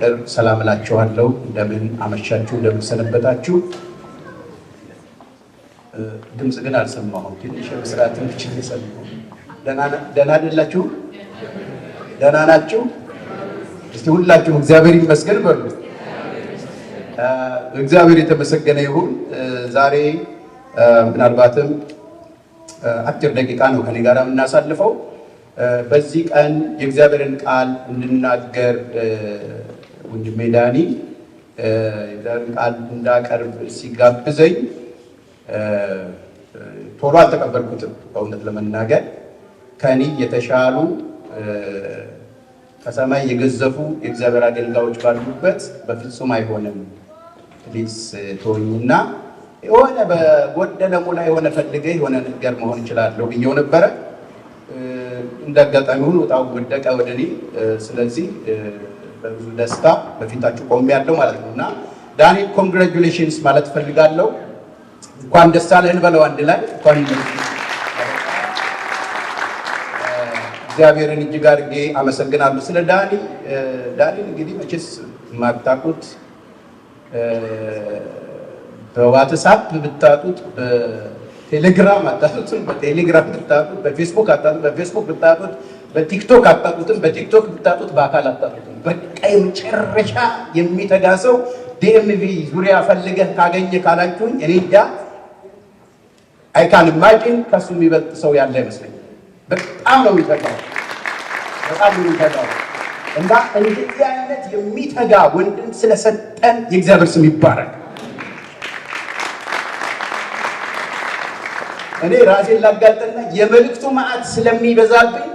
በፍቅር ሰላም እላችኋለሁ። እንደምን አመሻችሁ፣ እንደምን ሰነበታችሁ። ድምፅ ግን አልሰማሁም። ትንሽ የመስራት ትንሽ የሰማሁ። ደህና አይደላችሁ? ደህና ናችሁ? እስቲ ሁላችሁም እግዚአብሔር ይመስገን በሉ። እግዚአብሔር የተመሰገነ ይሁን። ዛሬ ምናልባትም አጭር ደቂቃ ነው ከኔ ጋር የምናሳልፈው። በዚህ ቀን የእግዚአብሔርን ቃል እንድናገር ወንድሜ ዳኒ ቃል እንዳቀርብ ሲጋብዘኝ ቶሎ አልተቀበልኩትም። በእውነት ለመናገር ከኔ የተሻሉ ከሰማይ የገዘፉ የእግዚአብሔር አገልጋዮች ባሉበት በፍጹም አይሆንም። ፕሊዝ ተወኝና የሆነ በጎደለ ሙላ የሆነ ፈልገ የሆነ ነገር መሆን እችላለሁ ብዬው ነበረ። እንዳጋጣሚ ሁሉ እጣው ወደቀ ወደ እኔ። ስለዚህ በብዙ ደስታ በፊታችሁ ቆም ያለው ማለት ነው እና ዳኒ ኮንግራጁሌሽንስ ማለት ፈልጋለሁ። እንኳን ደስ አለህ በለው አንድ ላይ እንኳን እግዚአብሔርን እጅግ አድርጌ አመሰግናለሁ። ስለ ዳኒ ዳኒ እንግዲህ መቼስ የማታውቁት በዋትሳፕ ብታጡት፣ በቴሌግራም አታጡትም፣ በቴሌግራም ብታጡት፣ በፌስቡክ አታጡት፣ በፌስቡክ ብታጡት፣ በቲክቶክ አታጡትም፣ በቲክቶክ ብታጡት፣ በአካል አታጡት በቃ የመጨረሻ የሚተጋ ሰው ዲኤምቪ ዙሪያ ፈልገህ ካገኘ ካላችሁኝ እኔ እንጃ አይካን ማጭን ከሱ የሚበልጥ ሰው ያለ አይመስለኝ። በጣም ነው የሚተጋው፣ በጣም ነው የሚተጋው። እና እንደዚህ አይነት የሚተጋ ወንድም ስለሰጠን የእግዚአብሔር ስም ይባረክ። እኔ ራሴን ላጋልጥና የመልእክቱ መዓት ስለሚበዛብኝ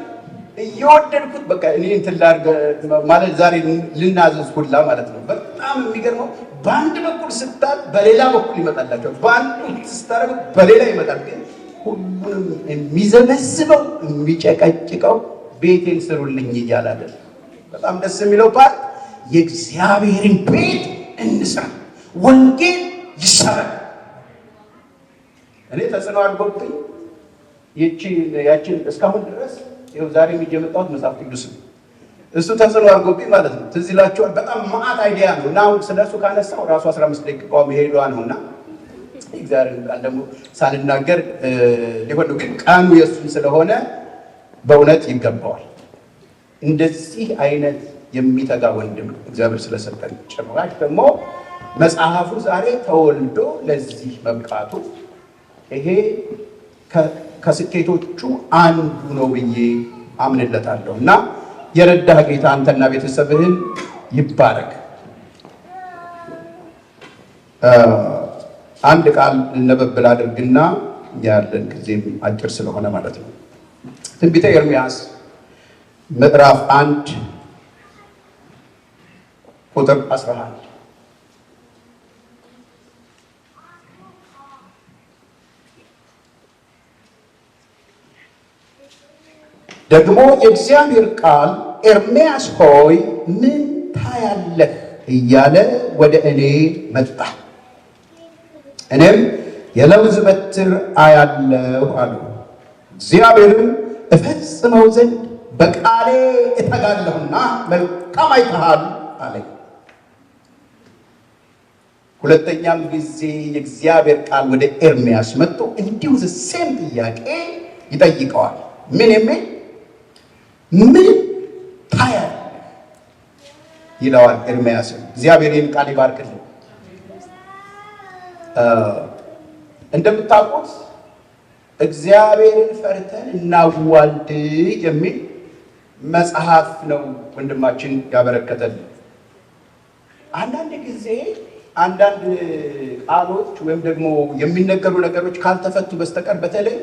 እየወደድኩት በቃ እኔ እንትን ላድርግ ማለት ዛሬ ልናዘዝ ሁላ ማለት ነው። በጣም የሚገርመው በአንድ በኩል ስታል በሌላ በኩል ይመጣላቸው፣ በአንዱ ስታደርጉት በሌላ ይመጣል። ግን ሁሉንም የሚዘመዝበው የሚጨቀጭቀው ቤቴን ስሩልኝ እያለ አይደል? በጣም ደስ የሚለው ፓርት የእግዚአብሔርን ቤት እንስራ፣ ወንጌል ይሰራል። እኔ ተጽዕኖ አድጎብኝ ያችን እስካሁን ድረስ ይኸው ዛሬ ይዤ የመጣሁት መጽሐፍ ቅዱስ ነው። እሱ ተጽዕኖ አድርጎብኝ ማለት ነው። ትዝ ይላችኋል። በጣም ማአት አይዲያ ነው እና አሁን ስለ እሱ ካነሳው ራሱ 15 ደቂቃ መሄዷ ነው እና እግዚአብሔር ቃል ደግሞ ሳልናገር ሊሆን ግን ቃሉ የእሱም ስለሆነ በእውነት ይገባዋል። እንደዚህ አይነት የሚተጋ ወንድም እግዚአብሔር ስለሰጠን ጭራሽ ደግሞ መጽሐፉ ዛሬ ተወልዶ ለዚህ መብቃቱ ይሄ ከስኬቶቹ አንዱ ነው ብዬ አምንለታለሁ እና የረዳህ ጌታ አንተና ቤተሰብህን ይባረክ። አንድ ቃል ነበብል አድርግና ያለን ጊዜም አጭር ስለሆነ ማለት ነው። ትንቢተ ኤርሚያስ ምዕራፍ አንድ ቁጥር አንድ ደግሞ የእግዚአብሔር ቃል ኤርምያስ ሆይ ምን ታያለህ እያለ ወደ እኔ መጣ። እኔም የለውዝ በትር አያለሁ አሉ። እግዚአብሔርም እፈጽመው ዘንድ በቃሌ እተጋለሁና መልካም አይተሃል አለኝ። ሁለተኛም ጊዜ የእግዚአብሔር ቃል ወደ ኤርምያስ መጥቶ እንዲሁ ዘ ሴም ጥያቄ ይጠይቀዋል። ምን የሚል ምን ታያል ይለዋል ኤርምያስን። እግዚአብሔር ይህን ቃል ይባርክልን። እንደምታውቁት እግዚአብሔርን ፈርተን እናዋልድ የሚል መጽሐፍ ነው ወንድማችን ያበረከተልን። አንዳንድ ጊዜ አንዳንድ ቃሎች ወይም ደግሞ የሚነገሩ ነገሮች ካልተፈቱ በስተቀር በተለይ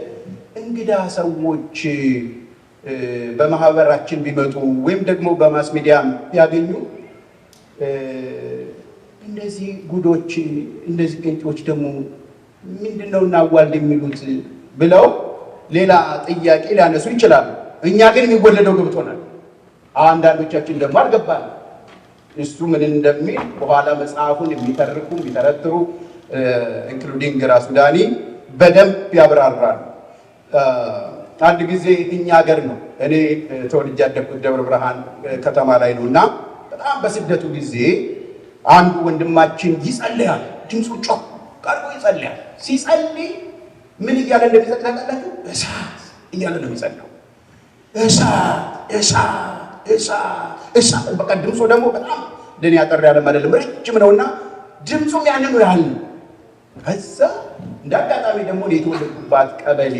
እንግዳ ሰዎች በማህበራችን ቢመጡ ወይም ደግሞ በማስ ሚዲያ ቢያገኙ እነዚህ ጉዶች እነዚህ ጴንጤዎች ደግሞ ምንድነው እና እናዋልድ የሚሉት ብለው ሌላ ጥያቄ ሊያነሱ ይችላሉ። እኛ ግን የሚወለደው ገብቶናል። አንዳንዶቻችን ደግሞ አልገባል። እሱ ምን እንደሚል በኋላ መጽሐፉን የሚተርኩ የሚተረትሩ ኢንክሉዲንግ ራሱ ዳኒ በደንብ ያብራራል። አንድ ጊዜ እኛ ሀገር ነው እኔ ተወልጄ ያደግኩት ደብረ ብርሃን ከተማ ላይ ነው እና በጣም በስደቱ ጊዜ አንዱ ወንድማችን ይጸልያል። ድምፁ ጮ ቀርቦ ይጸልያል። ሲጸልይ ምን እያለ እንደሚጸልይ ታውቃላችሁ? እሳት እያለ ነው የሚጸልየው። እሳት እሳት እሳት እሳት። በቃ ድምፁ ደግሞ በጣም ደን ያጠር ያለ አይደለም ረጅም ነው እና ድምፁም ያንኑ ያህል ነው። ከዛ እንደ አጋጣሚ ደግሞ የተወለድኩባት ቀበሌ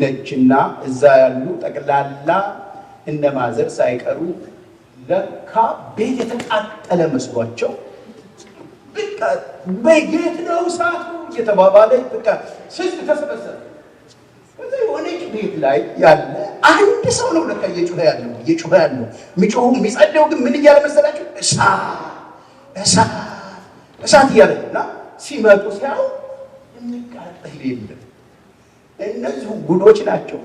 ነችና እዛ ያሉ ጠቅላላ እነማዘር ሳይቀሩ ለካ ቤት የተቃጠለ መስሏቸው በቃ ነው እሳቱ እየተባባለ በቃ ስስ ተሰበሰበ። ከዛ የሆነች ቤት ላይ ያለ አንድ ሰው ነው ለካ እየጩኸ ያለው እየጩኸ ያለው የሚጮሁ የሚጸደው ግን ምን እያለ መሰላቸው እሳት እሳ እሳት እያለ እና ሲመጡ ሲያው የሚቃጠል የለም እነዚሁ ጉዶች ናቸው።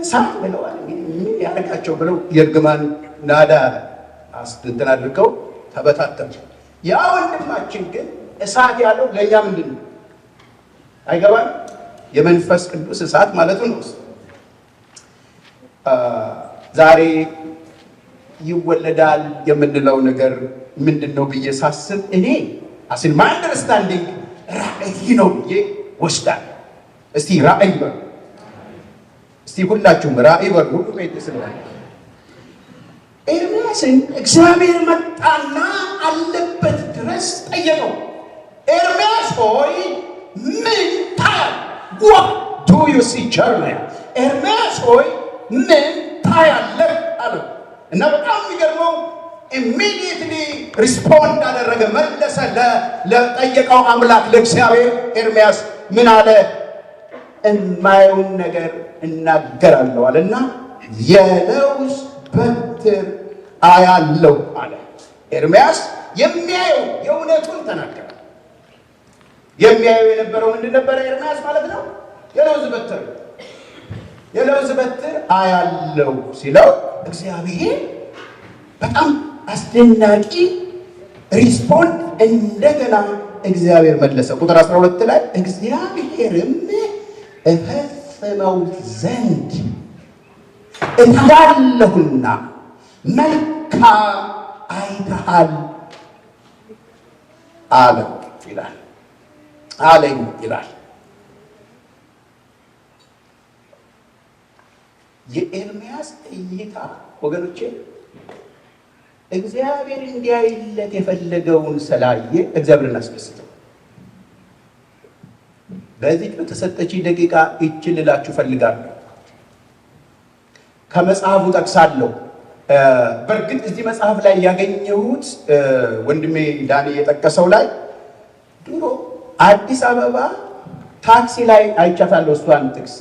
እሳት ብለዋል። እንግዲህ ምን ያደርጋቸው ብለው የእርግማን ናዳ አስድንትን አድርገው ተበታተኑ። ያ ወንድማችን ግን እሳት ያለው ለእኛ ምንድን ነው? አይገባም። የመንፈስ ቅዱስ እሳት ማለቱ ነው። ዛሬ ይወለዳል የምንለው ነገር ምንድን ነው ብዬ ሳስብ እኔ አስን ማንደርስታንዲንግ ራእይ ነው ብዬ ወስዳል እስቲ ራእይ በሉ እስቲ ሁላችሁም ራእይ በሉ ሁሉ ቤት ስለሆነ ኤርምያስን እግዚአብሔር መጣና አለበት ድረስ ጠየቀው። ኤርሚያስ ሆይ ምን ታያል? ዋ ዱ ዩ ሲ ጀርናያ ኤርምያስ ሆይ ምን ታያለህ አለው እና በጣም የሚገርመው ኢሚዲየትሊ ሪስፖንድ አደረገ፣ መለሰ ለጠየቀው አምላክ ለእግዚአብሔር ኤርሚያስ ምን አለ? እማየውን ነገር እናገራለዋል እና የለውዝ በትር አያለው አለ። ኤርምያስ የሚያየው የእውነቱን ተናገረ። የሚያየው የነበረው ምንድን ነበረ? ኤርምያስ ማለት ነው። የለውዝ በትር የለውዝ በትር አያለው ሲለው እግዚአብሔር በጣም አስደናቂ ሪስፖንድ እንደገና እግዚአብሔር መለሰ። ቁጥር 12 ላይ እግዚአብሔርም እፈጽመው ዘንድ እላለሁና መልካም አይተሃል አለ ይላል አለኝ ይላል። የኤርምያስ እይታ ወገኖቼ እግዚአብሔር እንዲያይለት የፈለገውን ስላየ እግዚአብሔርን አስደስተው በዚህ በተሰጠች ደቂቃ ይችን ልላችሁ ፈልጋለሁ። ከመጽሐፉ ጠቅሳለሁ። በእርግጥ እዚህ መጽሐፍ ላይ ያገኘሁት ወንድሜ ዳኔ የጠቀሰው ላይ ድሮ አዲስ አበባ ታክሲ ላይ አይቻታለሁ። እሷን ጥቅስ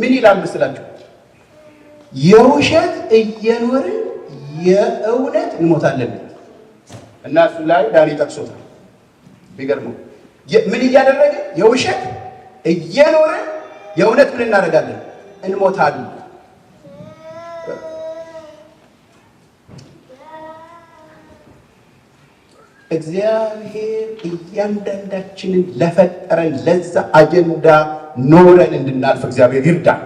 ምን ይላል መስላችሁ? የውሸት እየኖርን የእውነት እንሞታለን እና እሱ ላይ ዳኔ ጠቅሶታል። ቢገርመው ምን እያደረገ የውሸት እየኖረ የእውነት ምን እናደርጋለን? እንሞታለን። እግዚአብሔር እያንዳንዳችንን ለፈጠረን ለዛ አጀንዳ ኖረን እንድናልፍ እግዚአብሔር ይርዳል።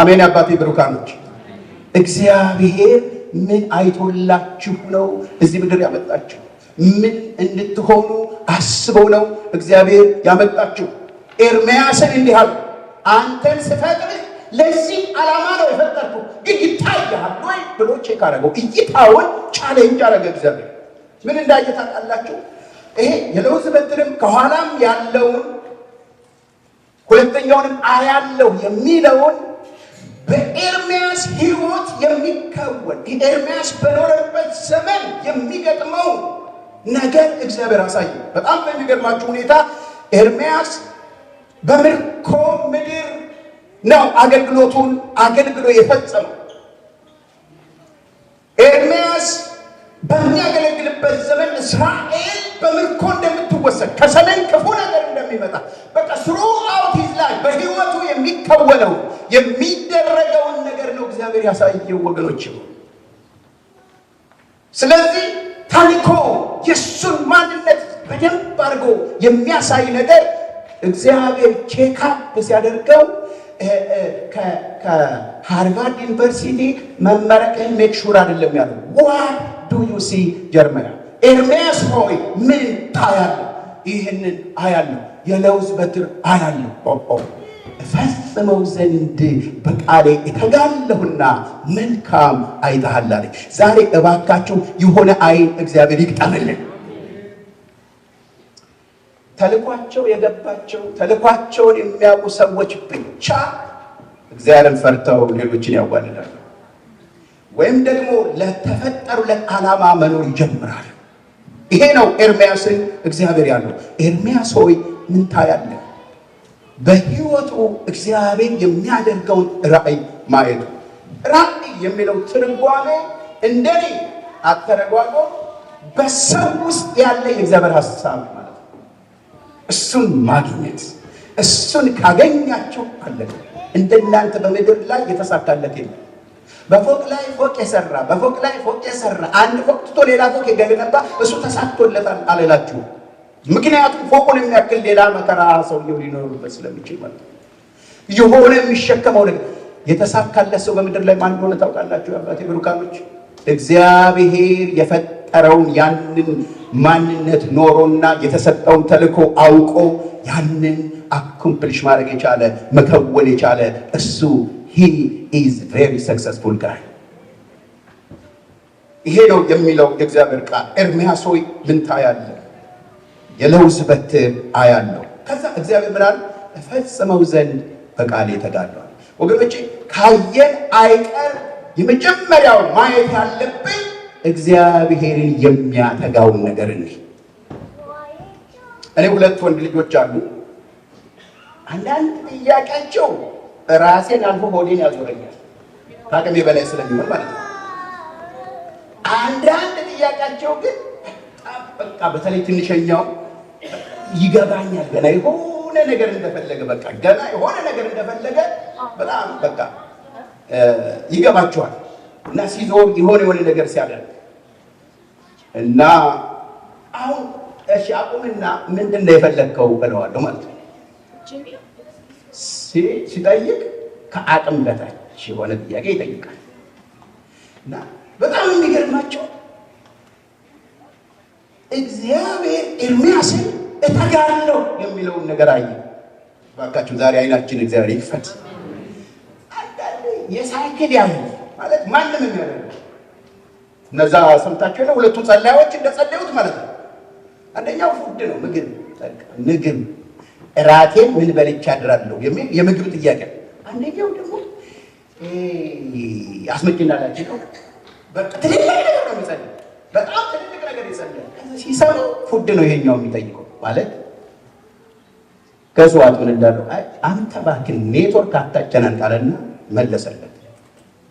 አሜን። አባቴ ብሩካኖች እግዚአብሔር ምን አይቶላችሁ ነው እዚህ ምድር ያመጣችሁ? ምን እንድትሆኑ አስበው ነው እግዚአብሔር ያመጣችሁ? ኤርምያስን እንዲህ አሉ፣ አንተን ስፈጥር ለዚህ ዓላማ ነው የፈጠርኩ፣ ግን ይታያሃል ወይ ብሎ ቼክ አደረገው። እይታውን ቻሌንጅ አደረገ እግዚአብሔር። ምን እንዳየ ታውቃላችሁ? ይሄ የለውዝ በትርም ከኋላም ያለውን ሁለተኛውንም አያለው የሚለውን በኤርምያስ ሕይወት የሚከወን ኤርምያስ በኖረበት ዘመን የሚገጥመው ነገር እግዚአብሔር አሳየ። በጣም በሚገርማችሁ ሁኔታ ኤርምያስ በምርኮ ምድር ነው አገልግሎቱን አገልግሎ የፈጸመው። ኤርምያስ በሚያገለግልበት ዘመን እስራኤል በምርኮ እንደምትወሰድ ከሰሜን ክፉ ነገር እንደሚመጣ በቃ ስሩ አውቲዝ ላይ በህይወቱ የሚከወለው የሚደረገውን ነገር ነው እግዚአብሔር ያሳየው ወገኖች። ስለዚህ ታሪኮ የእሱን ማንነት በደንብ አድርጎ የሚያሳይ ነገር እግዚአብሔር ቼካፕ ሲያደርገው ከሃርቫርድ ዩኒቨርሲቲ መመረቅህን ሹር አይደለም ያሉ ዋ ዱ ዩ ሲ ጀርመና ኤርሜያስ ሆይ ምን ታያለ? ይህንን አያለሁ፣ የለውዝ በትር አያለሁ እፈጽመው ዘንድ በቃሌ እተጋለሁና መልካም አይተሃል አለኝ። ዛሬ እባካችሁ የሆነ አይን እግዚአብሔር ይግጠምልን። ተልኳቸው የገባቸው ተልኳቸውን የሚያውቁ ሰዎች ብቻ እግዚአብሔርን ፈርተው ሌሎችን ያዋልዳሉ፣ ወይም ደግሞ ለተፈጠሩለት ዓላማ መኖር ይጀምራል። ይሄ ነው ኤርሚያስ እግዚአብሔር ያለው። ኤርሚያስ ሆይ ምን ታያለህ? በህይወቱ እግዚአብሔር የሚያደርገውን ራእይ ማየቱ። ራእይ የሚለው ትርጓሜ እንደኔ አተረጓጎ በሰው ውስጥ ያለ የእግዚአብሔር ሀሳብ እሱን ማግኘት እሱን ካገኛችሁ አለቀ። እንደናንተ በምድር ላይ የተሳካለት የለም። በፎቅ ላይ ፎቅ የሰራ በፎቅ ላይ ፎቅ የሰራ አንድ ፎቅ ትቶ ሌላ ፎቅ የገነባ እሱ ተሳክቶለታል አልላችሁ ምክንያቱም ፎቁን የሚያክል ሌላ መከራ ሰውየው ሊኖርበት ስለሚችል ማለት የሆነ የሚሸከመው ነገር የተሳካለት ሰው በምድር ላይ ማን እንደሆነ ታውቃላችሁ? አባቴ ብሩካኖች እግዚአብሔር የፈ የፈጠረውን ያንን ማንነት ኖሮና የተሰጠውን ተልእኮ አውቆ ያንን አኮምፕሊሽ ማድረግ የቻለ መከወል የቻለ እሱ ሂ ኢዝ ቬሪ ሰክሰስፉል ይሄ ነው የሚለው የእግዚአብሔር ቃል። ኤርሚያስ ሆይ ምን ታያለህ? የለውዝ በትር አያለሁ። ከዛ እግዚአብሔር ምናል እፈጽመው ዘንድ በቃሌ ተጋድሏል። ወገኖቼ ካየን አይቀር የመጀመሪያው ማየት ያለብን እግዚአብሔርን የሚያተጋውን ነገር እንዴ እኔ ሁለት ወንድ ልጆች አሉ። አንዳንድ ጥያቄያቸው ራሴን አልፎ ሆዴን ያዞረኛል፣ ከአቅሜ በላይ ስለሚሆን ማለት ነው። አንዳንድ ጥያቄያቸው ግን በቃ በተለይ ትንሸኛው ይገባኛል። ገና የሆነ ነገር እንደፈለገ በቃ ገና የሆነ ነገር እንደፈለገ በጣም በቃ ይገባቸዋል እና ሲዞር የሆነ የሆነ ነገር ሲያደርግ እና አሁን እሺ አቁምና ምንድን ነው የፈለግከው እለዋለሁ ማለት ነው። ሲጠይቅ ከአቅም በታች የሆነ ጥያቄ ይጠይቃል። እና በጣም የሚገርማቸው እግዚአብሔር ኤርምያስን እተጋለሁ የሚለውን ነገር አየ። ባካችሁ ዛሬ አይናችን እግዚአብሔር ይክፈት። አንዳንድ የሳይክል ያሉ ማለት ማንም የሚያደርገው እነዛ ሰምታችሁ ነው። ሁለቱን ጸላዮች እንደጸለዩት ማለት ነው። አንደኛው ፉድ ነው ምግብ ምግብ እራቴን ምን በልቼ አድራለሁ የሚል የምግብ ጥያቄ አንደኛው ደግሞ አስመጭ አስመጭናላችሁ ነው። ትልልቅ ነገር ነው የሚጸልይ በጣም ትልልቅ ነገር ይጸልያል። ሲሰማ ፉድ ነው ይሄኛው የሚጠይቀው ማለት ከእጽዋት ምን እንዳለው አንተ እባክህ ኔትወርክ አታጨናንቅ አለና መለሰለት።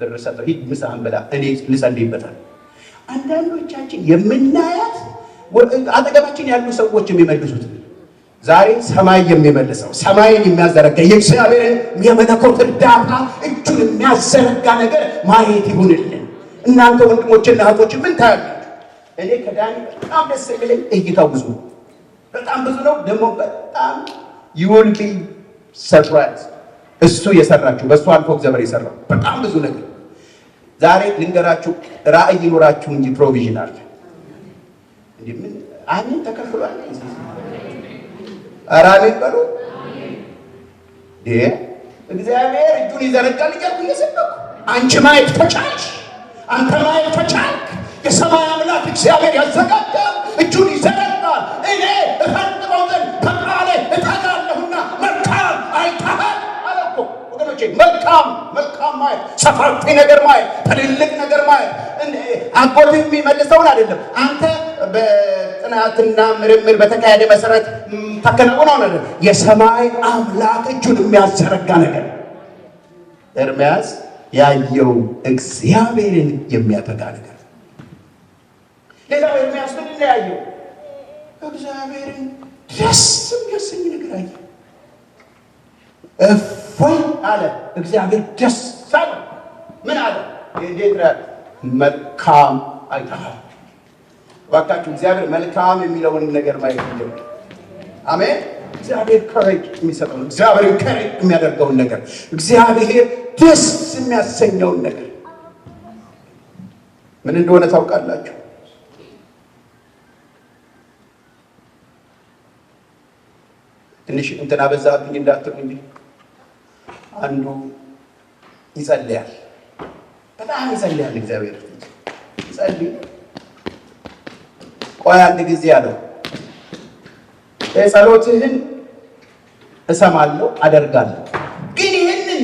ብር ሰጠው። ሂድ ምሳህን ብላ እኔ ልጸልይበታል አንዳንዶቻችን የምናያት አጠገባችን ያሉ ሰዎች የሚመልሱት ዛሬ ሰማይ የሚመልሰው ሰማይን የሚያዘረጋ የእግዚአብሔርን የመለኮት እርዳታ እጁን የሚያዘረጋ ነገር ማየት ይሁንልን። እናንተ ወንድሞችና እህቶች ምን ታያላችሁ? እኔ ከዳኒ በጣም ደስ የሚለኝ እይታው ብዙ በጣም ብዙ ነው። ደግሞ በጣም ይወልቢ ሰራት እሱ የሰራችሁ በእሱ አልፎ እግዚአብሔር የሰራው በጣም ብዙ ነገር ዛሬ ልንገራችሁ፣ ራእይ ይኖራችሁ እንጂ ፕሮቪዥን አለ። ምን አሜን ተከፍሏል። ኧረ አሜን በሉ። እግዚአብሔር እጁን ይዘረጋል እያልኩ እየሰበኩ አንቺ ማየት ተቻልሽ፣ አንተ ማየት ተቻልክ። የሰማይ አምላክ እግዚአብሔር ያዘጋጋል፣ እጁን ይዘረጋል። እኔ እፈንጥበው ዘንድ ተቃለ እታ ወገኖቼ መልካም መልካም ማየት፣ ሰፋፊ ነገር ማየት፣ ትልልቅ ነገር ማየት አጎት የሚመልሰውን አይደለም። አንተ በጥናትና ምርምር በተካሄደ መሰረት ተከናውነ ሆነ የሰማይ አምላክ እጁን የሚያዘረጋ ነገር ኤርምያስ ያየው እግዚአብሔርን የሚያጠጋ ነገር። ሌላው ኤርምያስ ምን ያየው? እግዚአብሔርን ደስ የሚያሰኝ ነገር አየው። እፎይ አለ። እግዚአብሔር ደስ አለ። ምን አለ? የዴትረ መልካም አይተሃል። እባካችሁ እግዚአብሔር መልካም የሚለውን ነገር ማየት አሜን። እግዚአብሔር ከሬጅ የሚሰጠው እግዚአብሔር ከሬ የሚያደርገውን ነገር እግዚአብሔር ደስ የሚያሰኘውን ነገር ምን እንደሆነ ታውቃላችሁ? ትንሽ እንትና በዛብኝ እንዳትሉ እንጂ አንዱ ይጸልያል። በጣም ይጸልያል። እግዚአብሔር ይጸልይ። ቆይ አንድ ጊዜ አለው የጸሎትህን እሰማለሁ አደርጋለሁ። ግን ይህንን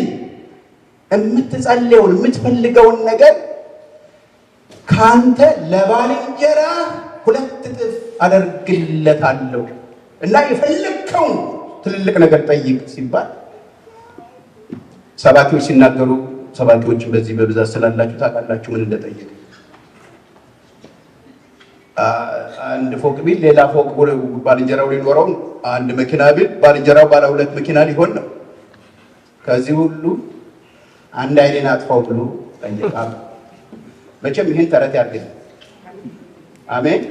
የምትጸልየውን የምትፈልገውን ነገር ከአንተ ለባልንጀራ ሁለት እጥፍ አደርግለታለሁ እና የፈለግከውን ትልልቅ ነገር ጠይቅ ሲባል ሰባኪዎች ሲናገሩ ሰባኪዎችን በዚህ በብዛት ስላላችሁ ታውቃላችሁ ምን እንደጠየቅ አንድ ፎቅ ቢል ሌላ ፎቅ ባልንጀራው ሊኖረው፣ አንድ መኪና ቢል ባልንጀራው ባለ ሁለት መኪና ሊሆን ነው። ከዚህ ሁሉ አንድ አይኔን አጥፋው ብሎ ጠይቃሉ። መቼም ይህን ተረት ያድርግ። አሜን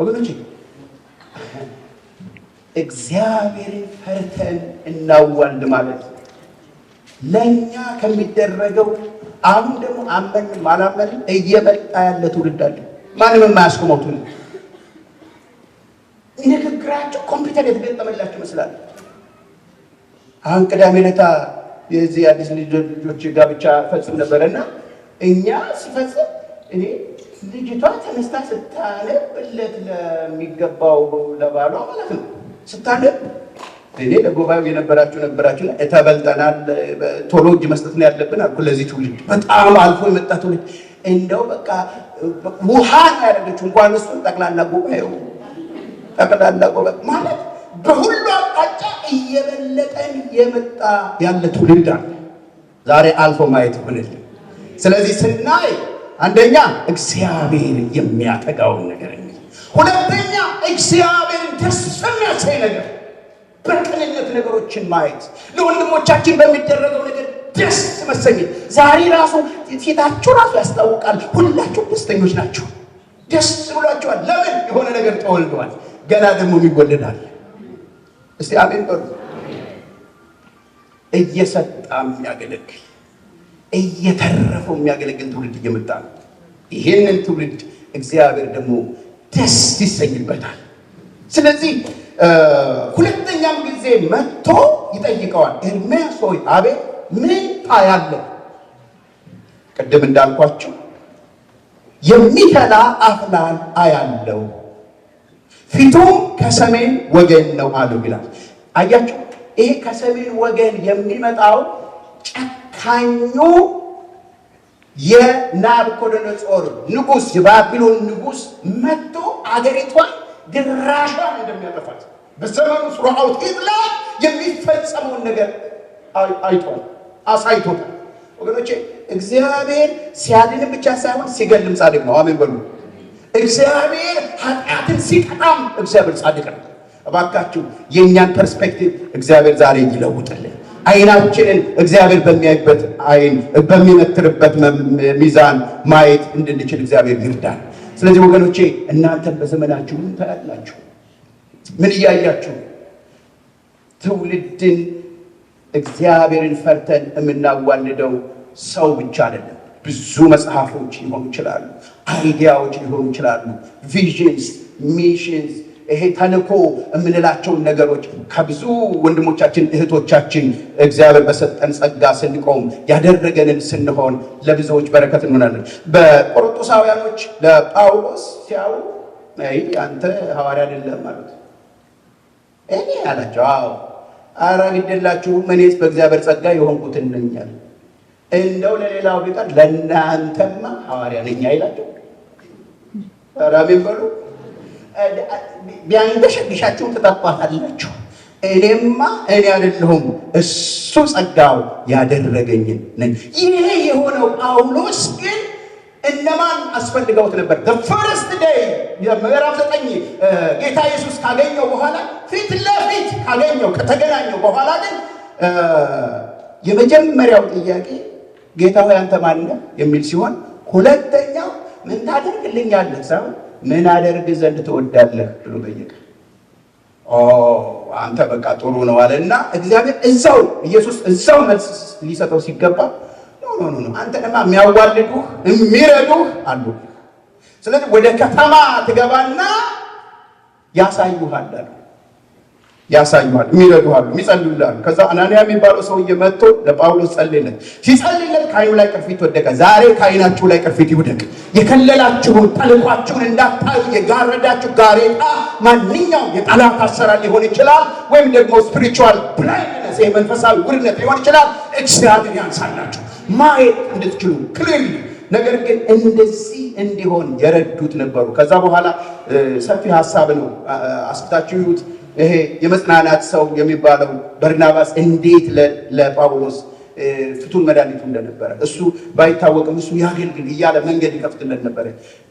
ወገኖች፣ እግዚአብሔርን ፈርተን እናዋልድ ማለት ለእኛ ከሚደረገው አሁን ደግሞ አመንም አላመንም እየመጣ ያለ ትውልድ አለ። ማንም የማያስቆመው ትውልድ ንግግራቸው ኮምፒውተር የተገጠመላቸው ይመስላል። አሁን ቅዳሜ ዕለት የዚህ አዲስ ልጆች ጋብቻ ፈጽም ነበረ ና እኛ ሲፈጽም እኔ ልጅቷ ተነስታ ስታነብለት ለሚገባው ለባሏ ማለት ነው ስታነብ እኔ ለጉባኤው የነበራችሁ ነበራችሁ ተበልጠናል፣ ቶሎ እጅ መስጠት ነው ያለብን አልኩ። ለዚህ ትውልድ በጣም አልፎ የመጣ ትውልድ እንደው በቃ ውሃ ነው ያደረገችው እንኳን እሱን ጠቅላላ ጉባኤው ጠቅላላ ጉባኤ ማለት በሁሉ አቅጣጫ እየበለጠን የመጣ ያለ ትውልድ አለ። ዛሬ አልፎ ማየት ሆንልን። ስለዚህ ስናይ አንደኛ እግዚአብሔር የሚያጠጋውን ነገር፣ ሁለተኛ እግዚአብሔር ደስ የሚያሳይ ነገር በቅንነት ነገሮችን ማየት፣ ለወንድሞቻችን በሚደረገው ነገር ደስ መሰኘት። ዛሬ ራሱ ፊታችሁ ራሱ ያስታውቃል። ሁላችሁ ደስተኞች ናቸው፣ ደስ ብሏቸዋል። ለምን የሆነ ነገር ተወልደዋል። ገና ደግሞ ይወለዳል። እስቲ አሜን በሉ። እየሰጣ የሚያገለግል እየተረፈው የሚያገለግል ትውልድ እየመጣ ነው። ይህንን ትውልድ እግዚአብሔር ደግሞ ደስ ይሰኝበታል። ስለዚህ ሁለተኛም ጊዜ መጥቶ ይጠይቀዋል። ኤርምያስ ሆይ አቤ ምን ታያለህ? ቅድም እንዳልኳችሁ የሚተላ አፍላል አያለው፣ ፊቱም ከሰሜን ወገን ነው አሉ ይላል። አያችሁ፣ ይሄ ከሰሜን ወገን የሚመጣው ጨካኙ የናብኮደነጾር ንጉስ የባቢሎን ንጉስ መጥቶ አገሪቷን ድራሿን እንደሚያጠፋት በዘመኑ ሮሃውት ሂትለር የሚፈጸመውን ነገር አይተውም፣ አሳይቶታል። ወገኖቼ እግዚአብሔር ሲያድን ብቻ ሳይሆን ሲገልም ጻድቅ ነው። አሜን በሉ። እግዚአብሔር ኃጢአትን ሲቀጣም እግዚአብሔር ጻድቅ ነው። እባካችሁ የእኛን ፐርስፔክቲቭ እግዚአብሔር ዛሬ ይለውጥልን። አይናችንን እግዚአብሔር በሚያይበት አይን በሚመትርበት ሚዛን ማየት እንድንችል እግዚአብሔር ይርዳል። ስለዚህ ወገኖቼ እናንተ በዘመናችሁ ምን ታያላችሁ? ምን እያያችሁ? ትውልድን እግዚአብሔርን ፈርተን የምናዋልደው ሰው ብቻ አይደለም። ብዙ መጽሐፎች ሊሆኑ ይችላሉ፣ አይዲያዎች ሊሆኑ ይችላሉ፣ ቪዥንስ ሚሽንስ ይሄ ተልኮ የምንላቸውን ነገሮች ከብዙ ወንድሞቻችን እህቶቻችን እግዚአብሔር በሰጠን ጸጋ ስንቆም ያደረገንን ስንሆን ለብዙዎች በረከት እንሆናለን። በቆሮንቶሳውያኖች ለጳውሎስ ሲያው አንተ ሐዋርያ አይደለም ማለት እኔ አላቸው። አዎ አራ ግደላችሁ እኔስ በእግዚአብሔር ጸጋ የሆንኩት እነኛል። እንደው ለሌላው ቢቀር ለእናንተማ ሐዋርያ ነኝ አይላቸው ራሜን በሉ ቢያንገሸግሻችሁ ትጠቋታላችሁ። እኔማ እኔ አይደለሁም እሱ ጸጋው ያደረገኝ ነኝ። ይሄ የሆነው ጳውሎስ ግን እነማን አስፈልገውት ነበር? ፈርስት ደይ ምዕራፍ ዘጠኝ ጌታ ኢየሱስ ካገኘው በኋላ ፊት ለፊት ካገኘው ከተገናኘው በኋላ ግን የመጀመሪያው ጥያቄ ጌታ ሆይ አንተ ማን ነህ የሚል ሲሆን ሁለተኛው ምን ታደርግልኛለህ ሳይሆን ምን አደርግ ዘንድ ትወዳለህ ብሎ ጠየቀ። አንተ በቃ ጥሩ ነው አለ እና እግዚአብሔር እዛው ኢየሱስ እዛው መልስ ሊሰጠው ሲገባ ደማ የሚያዋልዱህ የሚረዱህ አሉ። ስለዚህ ወደ ከተማ ትገባና ያሳዩሃል አሉ። ያሳዩሃል፣ የሚረዱሃል፣ የሚጸልዩልሃል። ከዛ አናንያ የሚባለው ሰውዬ መጥቶ ለጳውሎስ ጸልለት። ሲጸልለት ከዓይኑ ላይ ቅርፊት ወደቀ። ዛሬ ከዓይናችሁ ላይ ቅርፊት ይውደቅ። የከለላችሁን ጠልቋችሁን እንዳታዩ የጋረዳችሁ ጋሬጣ ማንኛውም የጠላት አሰራር ሊሆን ይችላል፣ ወይም ደግሞ ስፒሪቹዋል ብላይንድነስ መንፈሳዊ ውድነት ሊሆን ይችላል። እግዚአብሔር ያንሳላችሁ ማየት እንድትችሉ ክልል ነገር ግን እንደዚህ እንዲሆን የረዱት ነበሩ። ከዛ በኋላ ሰፊ ሀሳብ ነው አስፍታችሁ ይዩት። ይሄ የመጽናናት ሰው የሚባለው በርናባስ እንዴት ለጳውሎስ ፍቱን መድኃኒቱ እንደነበረ እሱ ባይታወቅም እሱ ያገልግል እያለ መንገድ ይከፍትለት ነበረ።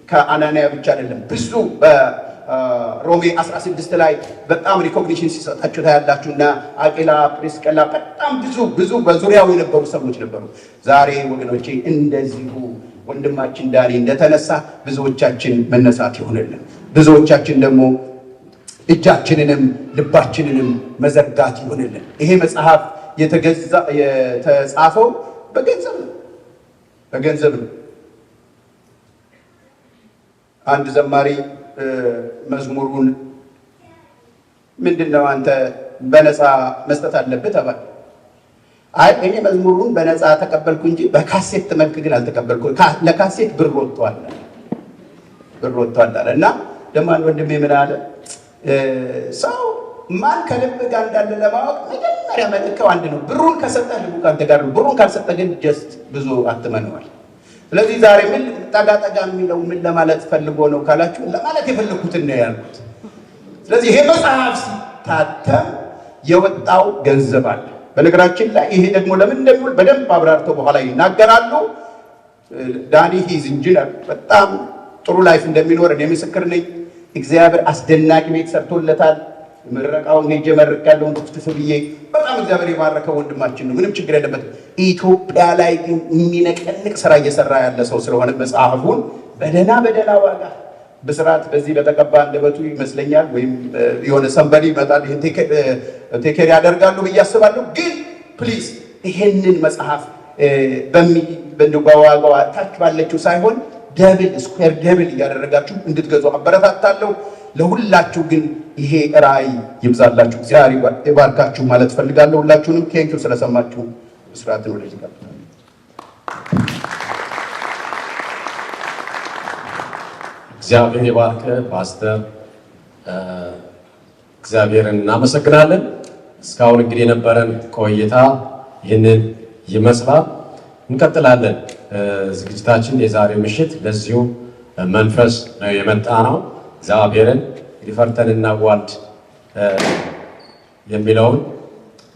ከአናንያ ብቻ አይደለም ብዙ በሮሜ 16 ላይ በጣም ሪኮግኒሽን ሲሰጣቸው ታያላችሁ። እና አቂላ ፕሪስቀላ በጣም ብዙ ብዙ በዙሪያው የነበሩ ሰዎች ነበሩ። ዛሬ ወገኖቼ እንደዚሁ ወንድማችን ዳኔ እንደተነሳ ብዙዎቻችን መነሳት ይሆንልን። ብዙዎቻችን ደግሞ እጃችንንም ልባችንንም መዘርጋት ይሆንልን። ይሄ መጽሐፍ የተጻፈው በገንዘብ ነው በገንዘብ ነው። አንድ ዘማሪ መዝሙሩን ምንድን ነው አንተ በነፃ መስጠት አለብህ ተባለ። አይ እኔ መዝሙሩን በነፃ ተቀበልኩ እንጂ በካሴት መልክ ግን አልተቀበልኩ። ለካሴት ብር ወጥቷል ብር ወጥቷል አለ እና ደግሞ አንድ ወንድሜ ምን አለ ሰው ማን ከልብ ጋር እንዳለ ለማወቅ መጀመሪያ መልከው አንድ ነው። ብሩን ከሰጠ ልቡ ከአንተ ጋር ብሩን ካልሰጠ ግን ጀስት ብዙ አትመነዋል። ስለዚህ ዛሬ ምን ጠጋጠጋ የሚለው ምን ለማለት ፈልጎ ነው ካላችሁ ለማለት የፈለኩትን ነው ያልኩት። ስለዚህ ይሄ መጽሐፍ ሲታተም የወጣው ገንዘብ አለ። በነገራችን ላይ ይሄ ደግሞ ለምን እንደሚውል በደንብ አብራርተው በኋላ ይናገራሉ። ዳኒ ሂዝ ኢንጂነር በጣም ጥሩ ላይፍ እንደሚኖር እኔ ምስክር ነኝ። እግዚአብሔር አስደናቂ ቤት ሰርቶለታል። ምረቃውን ሄጄ መርቄያለሁ። ትፍትፍ ብዬ በጣም እግዚአብሔር የባረከው ወንድማችን ነው። ምንም ችግር የለበትም። ኢትዮጵያ ላይ የሚነቀንቅ ስራ እየሰራ ያለ ሰው ስለሆነ መጽሐፉን በደህና በደህና ዋጋ በስርዓት በዚህ በተቀባ አንደበቱ ይመስለኛል ወይም የሆነ ሰንበሪ ይመጣል ይህን ያደርጋሉ ብዬ አስባለሁ። ግን ፕሊዝ ይሄንን መጽሐፍ በሚ ታች ባለችው ሳይሆን ደብል ስኩዌር ደብል እያደረጋችሁ እንድትገዙ አበረታታለሁ። ለሁላችሁ ግን ይሄ ራዕይ ይብዛላችሁ፣ እግዚአብሔር ይባርካችሁ ማለት ፈልጋለሁ። ሁላችሁንም ቴንኪው ስለሰማችሁ። ምስራትን ወደ ጋር እግዚአብሔር የባርክ ፓስተር፣ እግዚአብሔርን እናመሰግናለን። እስካሁን እንግዲህ የነበረን ቆይታ ይህንን ይመስላል። እንቀጥላለን። ዝግጅታችን የዛሬ ምሽት ለዚሁ መንፈስ ነው የመጣ ነው። እግዚአብሔርን ሊፈርተን እናዋልድ የሚለውን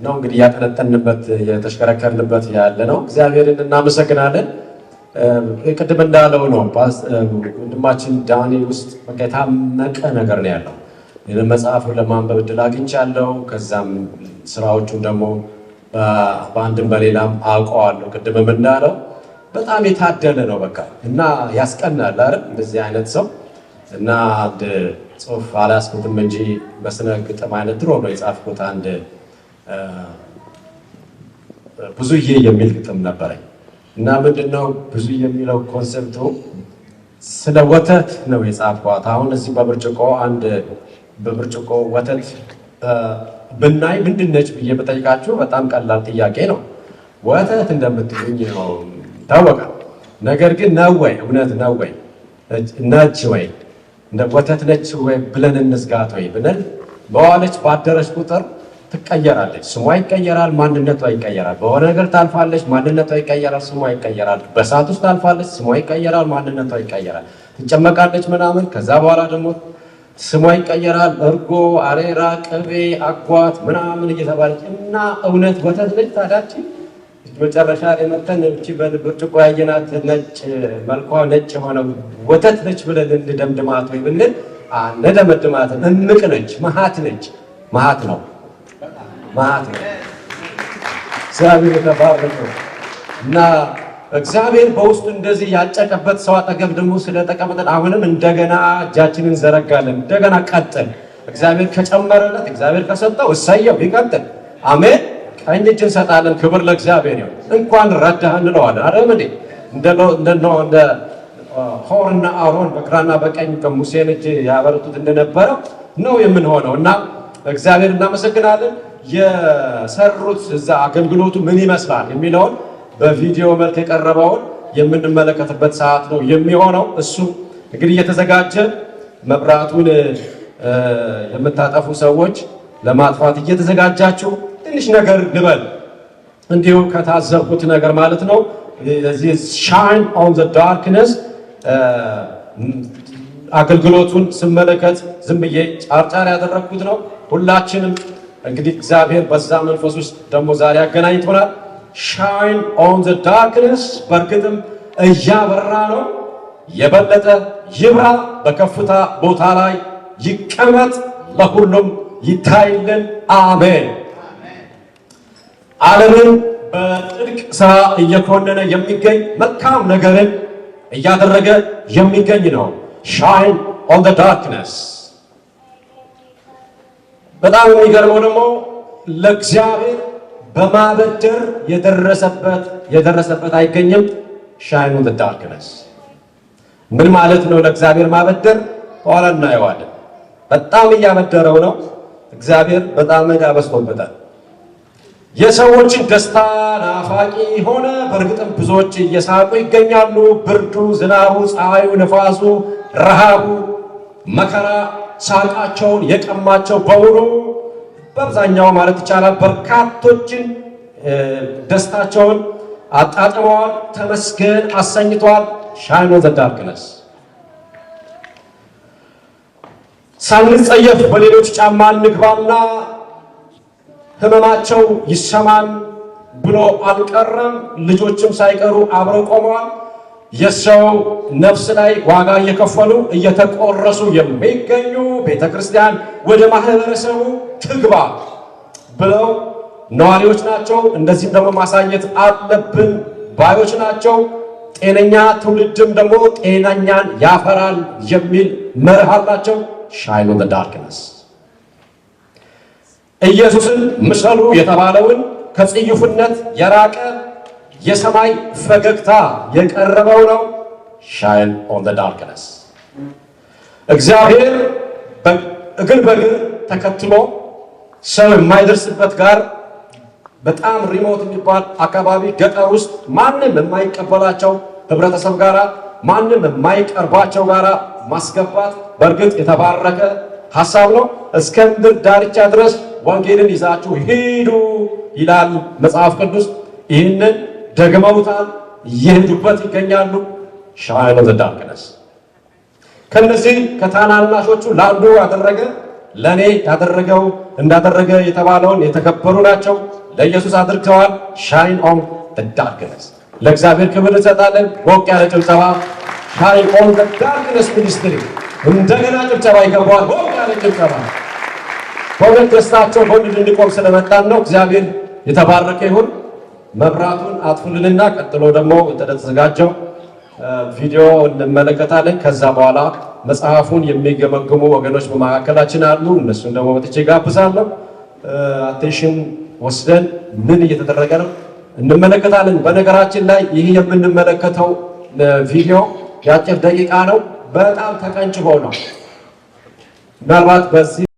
ነው እንግዲህ ያጠነጠንበት የተሽከረከርንበት ያለ ነው። እግዚአብሔርን እናመሰግናለን። ቅድም እንዳለው ነው ወንድማችን ዳንኤል ውስጥ በቃ የታመቀ ነገር ነው ያለው። ይህን መጽሐፉን ለማንበብ እድል አግኝቻለሁ። ከዛም ስራዎቹን ደግሞ በአንድም በሌላም አውቀዋለሁ። ቅድምም እንዳለው በጣም የታደለ ነው በቃ እና ያስቀናል አይደል እንደዚህ አይነት ሰው እና አንድ ጽሁፍ አላያስኩትም እንጂ በስነ ግጥም አይነት ድሮ ነው የጻፍኩት አንድ ብዙዬ የሚል ግጥም ነበረኝ እና ምንድነው ብዙ የሚለው ኮንሰፕቱ ስለ ወተት ነው የጻፍኳት አሁን እዚህ በብርጭቆ አንድ በብርጭቆ ወተት ብናይ ምንድነች ብዬ በጠይቃችሁ በጣም ቀላል ጥያቄ ነው ወተት እንደምትሉኝ ነው ይታወቃል። ነገር ግን ነው ወይ እውነት ናዋይ ናች ወይ ወተት ነች ወይ ብለን እንዝጋት ወይ ብለን በዋለች ባደረች ቁጥር ትቀየራለች። ስሟ ይቀየራል፣ ማንነቷ ይቀየራል። በሆነ ነገር ታልፋለች፣ ማንነቷ ይቀየራል፣ ስሟ ይቀየራል። በእሳት ውስጥ ታልፋለች፣ ስሟ ይቀየራል፣ ማንነቷ ይቀየራል። ትጨመቃለች ምናምን። ከዛ በኋላ ደግሞ ስሟ ይቀየራል፣ እርጎ፣ አሬራ፣ ቅቤ፣ አጓት ምናምን እየተባለች እና እውነት ወተት ነች ታዳችን መጨረሻ ላይ መጥተን እቺ በብርጭቆ ያየናት ነጭ መልኳ ነጭ የሆነ ወተት ነች ብለን እንደምድማት ወይ ብንል እንደመድማት እምቅ ነች፣ መሀት ነች። መሀት ነው መሀት ነው። እግዚአብሔር የተባረከ እና እግዚአብሔር በውስጡ እንደዚህ ያጨቀበት ሰው አጠገብ ደግሞ ስለተቀመጠን አሁንም እንደገና እጃችንን ዘረጋለን። እንደገና ቀጥል። እግዚአብሔር ከጨመረለት፣ እግዚአብሔር ከሰጠው እሰየው፣ ይቀጥል። አሜን ቀኝ እንሰጣለን። ክብር ለእግዚአብሔር ይሁን። እንኳን ረዳህ እንለዋለን። አረም እንዴ እንደ ሆርና አሮን በግራና በቀኝ በሙሴን እጅ ያበረቱት እንደነበረው ነው የምንሆነው እና እግዚአብሔር እናመሰግናለን። የሰሩት እዛ አገልግሎቱ ምን ይመስላል የሚለውን በቪዲዮ መልክ የቀረበውን የምንመለከትበት ሰዓት ነው የሚሆነው። እሱ እንግዲህ እየተዘጋጀ መብራቱን የምታጠፉ ሰዎች ለማጥፋት እየተዘጋጃችሁ ትንሽ ነገር ልበል እንዲሁ ከታዘብኩት ነገር ማለት ነው። ሻይን ኦን ዘ ዳርክነስ አገልግሎቱን ስመለከት ዝም ብዬ ጫርጫር ያደረግኩት ነው። ሁላችንም እንግዲህ እግዚአብሔር በዛ መንፈስ ውስጥ ደግሞ ዛሬ ያገናኝቶናል። ሻይን ኦን ዘ ዳርክነስ በእርግጥም እያበራ ነው። የበለጠ ይብራ፣ በከፍታ ቦታ ላይ ይቀመጥ፣ ለሁሉም ይታይልን። አሜን። ዓለምን በጥልቅ ስራ እየኮነነ የሚገኝ መልካም ነገርን እያደረገ የሚገኝ ነው። ሻይን ኦን ዘ ዳርክነስ። በጣም የሚገርመው ደግሞ ለእግዚአብሔር በማበደር የደረሰበት የደረሰበት አይገኝም። ሻይን ኦን ዘ ዳርክነስ ምን ማለት ነው? ለእግዚአብሔር ማበደር በኋላ እናየዋለን። በጣም እያበደረው ነው። እግዚአብሔር በጣም ያበስቶበታል። የሰዎችን ደስታ ናፋቂ ሆነ። በእርግጥም ብዙዎች እየሳቁ ይገኛሉ። ብርዱ፣ ዝናቡ፣ ፀሐዩ፣ ነፋሱ፣ ረሃቡ፣ መከራ ሳቃቸውን የቀማቸው በውሉ በአብዛኛው ማለት ይቻላል በርካቶችን ደስታቸውን አጣጥመዋል። ተመስገን አሰኝቷል። ሻይኖ ኦን ሳንጸየፍ በሌሎች ጫማ እንግባና ህመማቸው ይሰማን ብሎ አልቀረም። ልጆችም ሳይቀሩ አብረው ቆመዋል። የሰው ነፍስ ላይ ዋጋ እየከፈሉ እየተቆረሱ የሚገኙ ቤተ ክርስቲያን ወደ ማህበረሰቡ ትግባ ብለው ነዋሪዎች ናቸው። እንደዚህም ደግሞ ማሳየት አለብን ባዮች ናቸው። ጤነኛ ትውልድም ደግሞ ጤነኛን ያፈራል የሚል መርህ አላቸው። ሻይን ኦን ዘ ዳርክነስ ኢየሱስን ምሰሉ የተባለውን ከጽዩፍነት የራቀ የሰማይ ፈገግታ የቀረበው ነው። ሻይን ኦን ዘ ዳርክነስ እግዚአብሔር እግር በእግር ተከትሎ ሰው የማይደርስበት ጋር በጣም ሪሞት የሚባል አካባቢ ገጠር ውስጥ ማንም የማይቀበላቸው ህብረተሰብ ጋራ ማንም የማይቀርባቸው ጋራ ማስገባት በእርግጥ የተባረከ ሀሳብ ነው። እስከ ምድር ዳርቻ ድረስ ወንጌልን ይዛችሁ ሂዱ ይላል መጽሐፍ ቅዱስ። ይህንን ደግመውታል፣ እየሄዱበት ይገኛሉ። ሻይኖት ዳርክነስ ከነዚህ ከታናናሾቹ ለአንዱ አደረገ ለእኔ ያደረገው እንዳደረገ የተባለውን የተከበሩ ናቸው። ለኢየሱስ አድርገዋል። ሻይን ኦን ዳርክነስ ለእግዚአብሔር ክብር እንሰጣለን። ሞቅ ያለ ጭብጨባ ሻይን ኦን ዳርክነስ ሚኒስትሪ እንደገና ጭብጨባ ይገባዋል። ሞቅ ያለ ጭብጨባ በእውነት ደስታቸው በእውነት እንዲቆም ስለመጣን ነው። እግዚአብሔር የተባረከ ይሁን። መብራቱን አጥፉልንና ቀጥሎ ደግሞ የተዘጋጀው ቪዲዮ እንመለከታለን። ከዛ በኋላ መጽሐፉን የሚገመግሙ ወገኖች በመካከላችን አሉ። እነሱን ደግሞ መጥቼ ጋብዛለሁ። አቴንሽን ወስደን ምን እየተደረገ ነው እንመለከታለን። በነገራችን ላይ ይህ የምንመለከተው ቪዲዮ የአጭር ደቂቃ ነው። በጣም ተቀንጭቦ ነው ምናልባት በዚህ